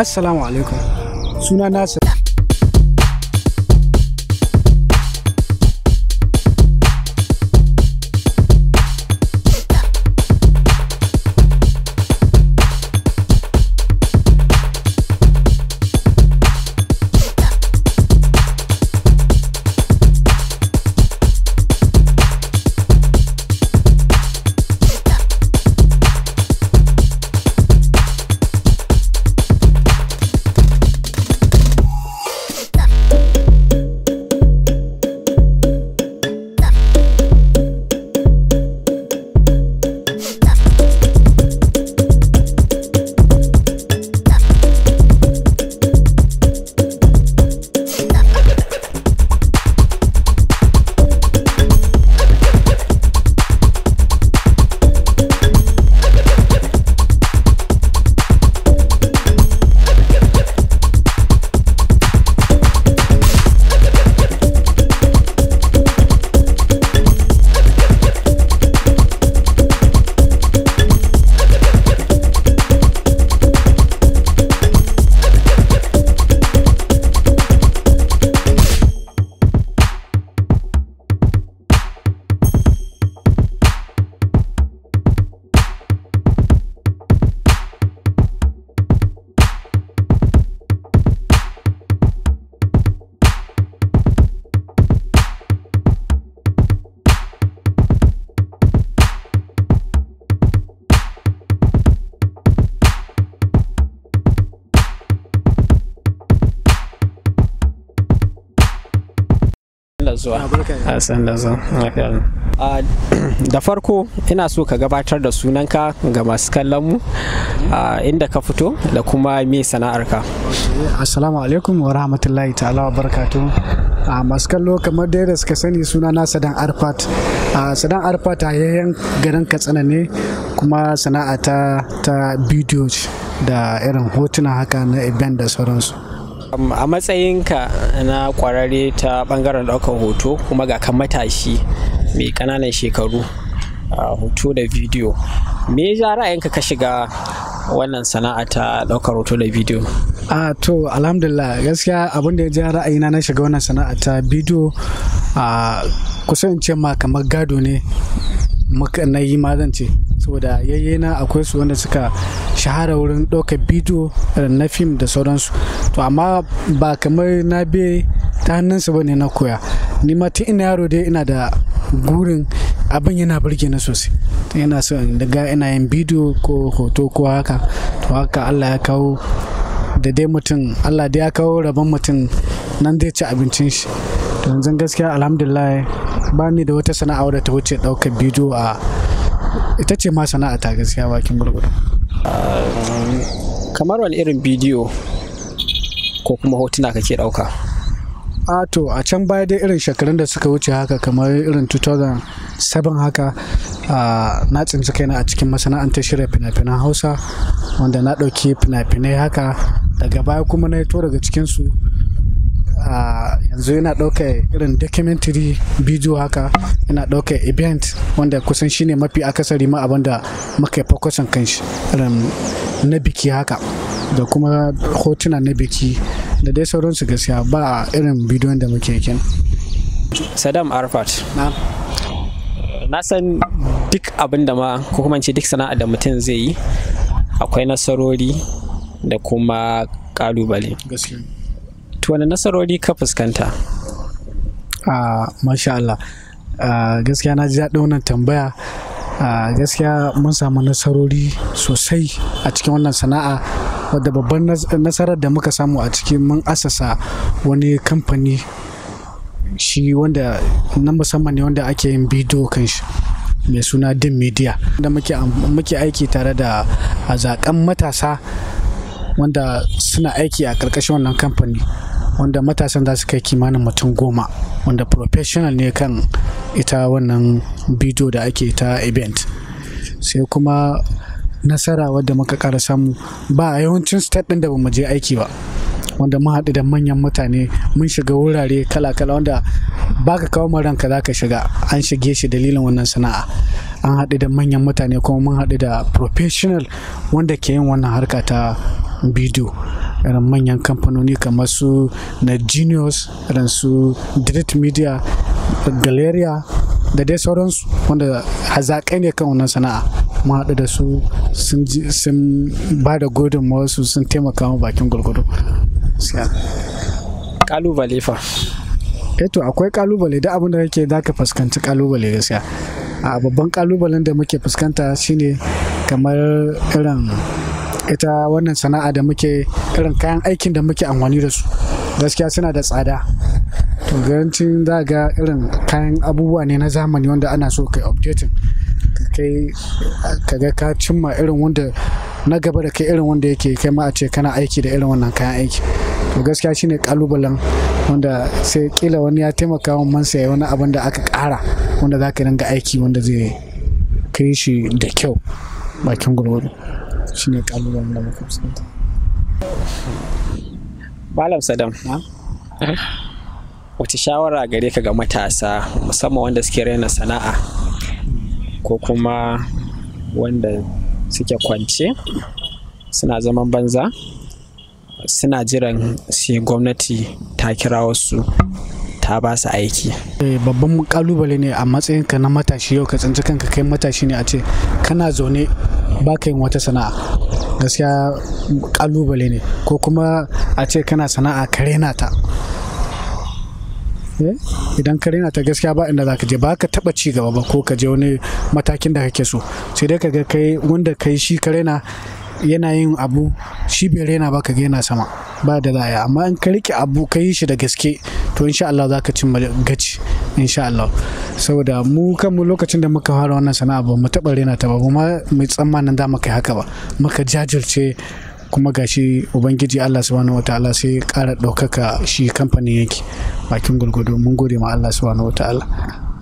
assalamu alaikum suna nasir zuwa san da zuwa da farko ina so ka gabatar da sunanka ga masu kallonmu inda ka fito da kuma me sana'arka eh, assalamu alaikum wa rahmatullahi ta'ala wa barakatuh a masu kallo kamar dai da suka sani suna na sadan arfat a sadan arfat a yayin garin katsina ne kuma sana'a ta bidiyo da irin hotuna haka na event da sauransu a matsayinka na kwararre ta bangaren ɗaukar hoto kuma ga kan matashi mai kananan shekaru hoto da bidiyo me ya ra'ayinka ka shiga wannan sana'a ta ɗaukar hoto da bidiyo a to alhamdulillah gaskiya abin da ya ja ra'ayina na shiga wannan sana'a ta bidiyo a kusan ce ma kamar gado ne na yi ma zan ce saboda na akwai su wanda suka shahara wurin ɗaukar bidiyo na fim da sauransu to amma ba kamar na be ta hannunsu ba ne na koya ni ma tun ina yaro dai ina da gurin abin yana burge na sosai yana so daga ina yin bidiyo ko hoto ko haka to haka allah ya kawo da dai mutum allah da ya kawo rabon mutum nan zai ci abincin shi to yanzu gaskiya alhamdulillah ba ni da wata sana'a wadda ta wuce ɗaukar bidiyo a ita ce ma sana'a ta gaskiya bakin gurgudu kamar wani irin bidiyo ko kuma hotuna kake ɗauka a to a can baya dai irin shekarun da suka wuce haka kamar irin 2007 haka na tsinci kaina a cikin masana'antar shirya fina-finan hausa wanda na ɗauki fina-finai haka daga baya kuma na yato daga cikinsu yanzu yana ɗauka irin documentary video haka yana ɗauka event wanda kusan shine mafi akasari ma abinda muka yi fokusin kanshi irin na biki haka da kuma hotuna na biki da dai sauransu gaskiya ba irin bidiyon da muke yakin. sadam arfat na san duk abin da ma ko kuma ce duk sana'a da mutum zai yi akwai nasarori da kuma kalubale to wani nasarori ka fuskanta a ah, masha Allah ah, gaskiya na ji daɗin wannan tambaya ah, gaskiya mun samu nasarori sosai a cikin wannan sana'a wadda babban nasarar da muka samu a cikin mun asasa wani kamfani shi wanda na musamman ne wanda ake yin bidiyo kan shi mai suna din media da muke aiki tare da zaƙan matasa wanda suna aiki a ƙarƙashin wannan kamfani wanda matasan za su kai kimanin mutum goma wanda professional ne kan ita wannan bidiyo da ake ta event sai kuma nasara wadda muka kara samu ba a yawancin state ɗin da ba je aiki ba wanda mun haɗu da manyan mutane mun shiga wurare kala-kala wanda ba ka kawo mu ranka za ka shiga an shige shi dalilin wannan sana'a an haɗu da manyan mutane kuma mun haɗu da professional wanda ke yin wannan harka ta bidiyo irin manyan kamfanoni kamar su na genius irin su direct media galeria da dai sauransu wanda hazaƙai ne kan wannan sana'a mun haɗu da su sun ba da godin su sun taimaka mu bakin gwargwado kalubale fa eto eh akwai kalubale da abin da kake za ka fuskanci kalubale gaskiya a babban kalubalen da muke fuskanta shine kamar irin ita wannan sana'a da muke irin kayan aikin da muke amfani da su gaskiya suna da tsada to garancin za ga irin kayan abubuwa ne na zamani wanda ana so kai updating kai kaga ka cimma irin wanda na gaba da kai irin wanda yake kai ma a ce kana aiki da irin wannan kayan aiki to gaskiya shine kalubalen wanda sai kila wani ya taimaka wa mansa ya wani abin da aka kara wanda za ka ringa aiki wanda zai kai shi da kyau bakin gurgudu shine kalubalen da muka fuskanta malam sadam wata shawara gare ka ga matasa musamman wanda suke raina sana'a ko kuma wanda suke kwance suna zaman banza suna jiran sai gwamnati ta kira wasu ta ba su aiki. Eh, babban kalubale ne a matsayinka na matashi yau ka tsinci kanka kai matashi ne a ce kana zaune ba ka yin wata sana'a gaskiya kalubale ne ko kuma a ce kana sana'a ka rena ta eh, idan ka rena ta gaskiya ba inda za ka je ba ka taba ci gaba ba ko ka je wani matakin da kake so sai dai ka ga kai wanda kai shi ka rena yana yin abu shi bai raina ba ka gena sama ba da za amma in ka rike abu ka yi shi da gaske to insha Allah za ka cin gaci insha Allah saboda mu kanmu lokacin da muka fara wannan sana'a ba mu taɓa raina ta ba kuma mai tsammanin da muka yi haka ba muka jajirce kuma gashi ubangiji Allah subhanahu wataala sai ƙara ɗaukaka shi kamfanin yake bakin gulgudu mun gode ma Allah subhanahu wataala